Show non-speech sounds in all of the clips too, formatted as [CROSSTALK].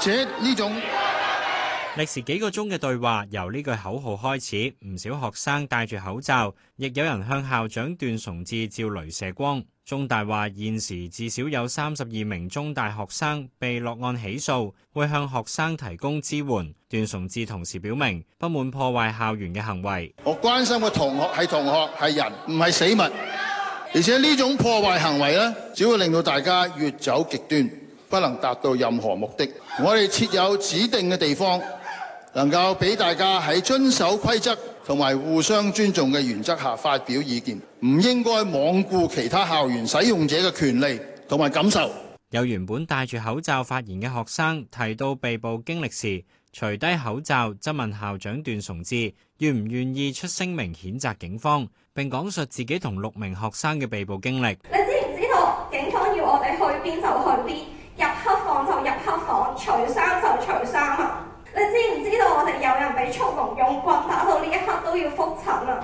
且這呢種歷時幾個鐘嘅對話，由呢句口號開始。唔少學生戴住口罩，亦有人向校長段崇智照雷射光。中大話現時至少有三十二名中大學生被落案起訴，會向學生提供支援。段崇智同時表明，不滿破壞校園嘅行為。我關心嘅同學係同學，係人，唔係死物。而且呢種破壞行為呢，只會令到大家越走極端。不能達到任何目的。我哋設有指定嘅地方，能夠俾大家喺遵守規則同埋互相尊重嘅原則下發表意見，唔應該罔顧其他校園使用者嘅權利同埋感受。有原本戴住口罩發言嘅學生提到被捕經歷時，除低口罩質問校長段崇智，願唔願意出聲明譴責警方，並講述自己同六名學生嘅被捕經歷。你知唔知道警方要我哋去邊就去邊？入黑房就入黑房，除衫就除衫啊！你知唔知道我哋有人俾速龍用棍打到呢一刻都要覆診啊！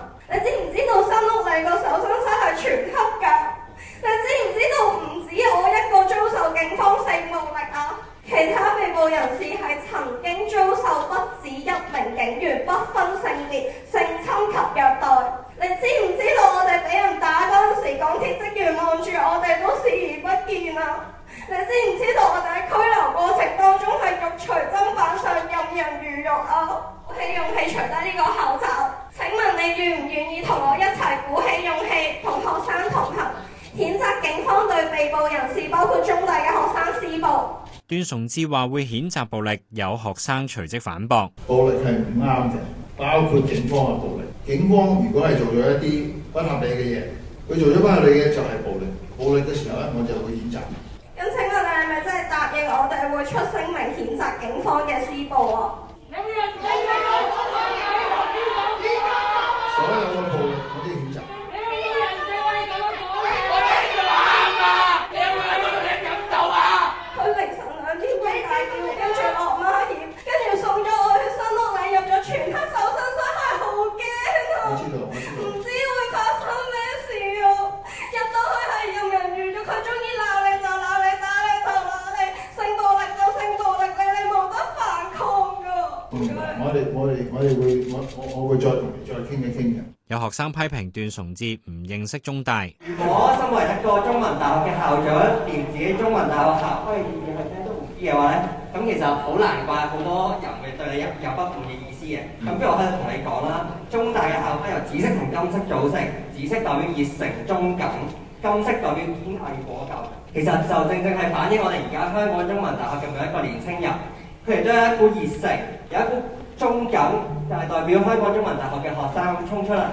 晚上任人魚肉啊！鼓、哦、起勇氣除低呢個口罩。請問你願唔願意同我一齊鼓起勇氣同學生同行，譴責警方對被捕人士，包括中大嘅學生施暴？段崇智話會譴責暴力，有學生隨即反駁：「暴力係唔啱嘅，包括警方嘅暴力。警方如果係做咗一啲不合理嘅嘢，佢做咗不合理嘅就係暴力。暴力嘅時候咧，我就會譴責。我哋會出聲明譴責警方嘅施暴啊！ [NOISE] 我會，我我會再同你再傾一傾嘅。有學生批評段崇智唔認識中大。如果身為一個中文大學嘅校長，連自己中文大學校徽嘅意義係咩都唔知嘅話咧，咁其實好難怪好多人會對你有有不同嘅意思嘅。咁不如我開始同你講啦。中大嘅校徽由紫色同金色組成，紫色代表熱誠忠耿，金色代表堅毅果敢。其實就正正係反映我哋而家香港中文大學嘅每一個年輕人，佢哋都有一股熱誠，有一股。中緊就係代表香港中文大學嘅學生衝出嚟，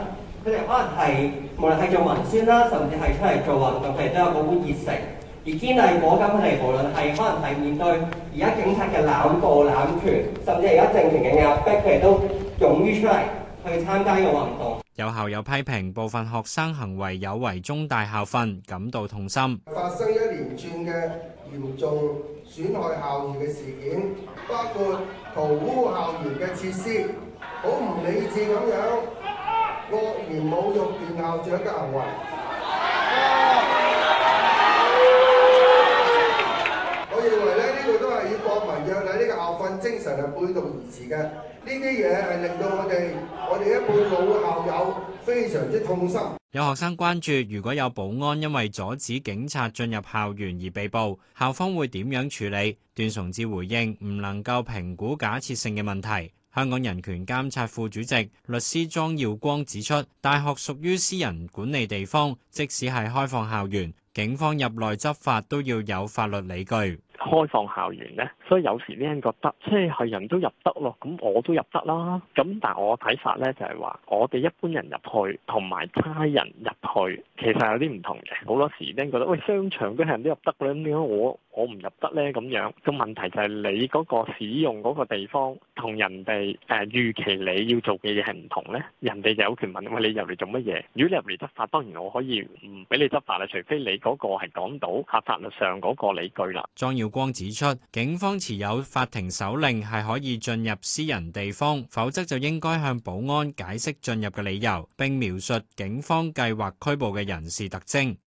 佢哋可能係無論係做文宣啦，甚至係出嚟做運動，佢哋都有嗰股熱誠。而堅毅果敢係無論係可能係面對而家警察嘅濫暴濫權，甚至係而家政權嘅壓迫，佢哋都勇於出嚟去參加呢個運動。有校友批評部分學生行為有違中大校訓，感到痛心。發生一連串嘅嚴重損害校譽嘅事件，包括。塗污校園嘅設施，好唔理智咁樣，惡言侮辱段校長嘅行為。 [LAUGHS] [LAUGHS] 我認為咧呢、呢個都係以博文約禮呢個校訓精神係背道而馳嘅，呢啲嘢係令到我哋我哋一輩老校友非常之痛心。有學生關注，如果有保安因為阻止警察進入校園而被捕，校方會點樣處理？段崇智回應，唔能夠評估假設性嘅問題。香港人權監察副主席、律師莊耀光指出，大學屬於私人管理地方，即使係開放校園，警方入內執法都要有法律理據。開放校園咧，所以有時啲人覺得即係人都入得咯，咁我都入得啦。咁但係我睇法咧就係話，我哋一般人入去同埋差人入去，其實有啲唔同嘅。好多時咧啲人覺得，喂，商場啲人都入得咧，點解我我唔入得咧？咁樣個問題就係你嗰個使用嗰個地方同人哋誒預期你要做嘅嘢係唔同咧，人哋就有權問，喂，你入嚟做乜嘢？如果你入嚟執法，當然我可以唔俾你執法啦，除非你嗰個係講到合法律上嗰個理據啦。莊耀光指出，警方持有法庭手令係可以進入私人地方，否則就應該向保安解釋進入嘅理由，並描述警方計劃拘捕嘅人士特徵。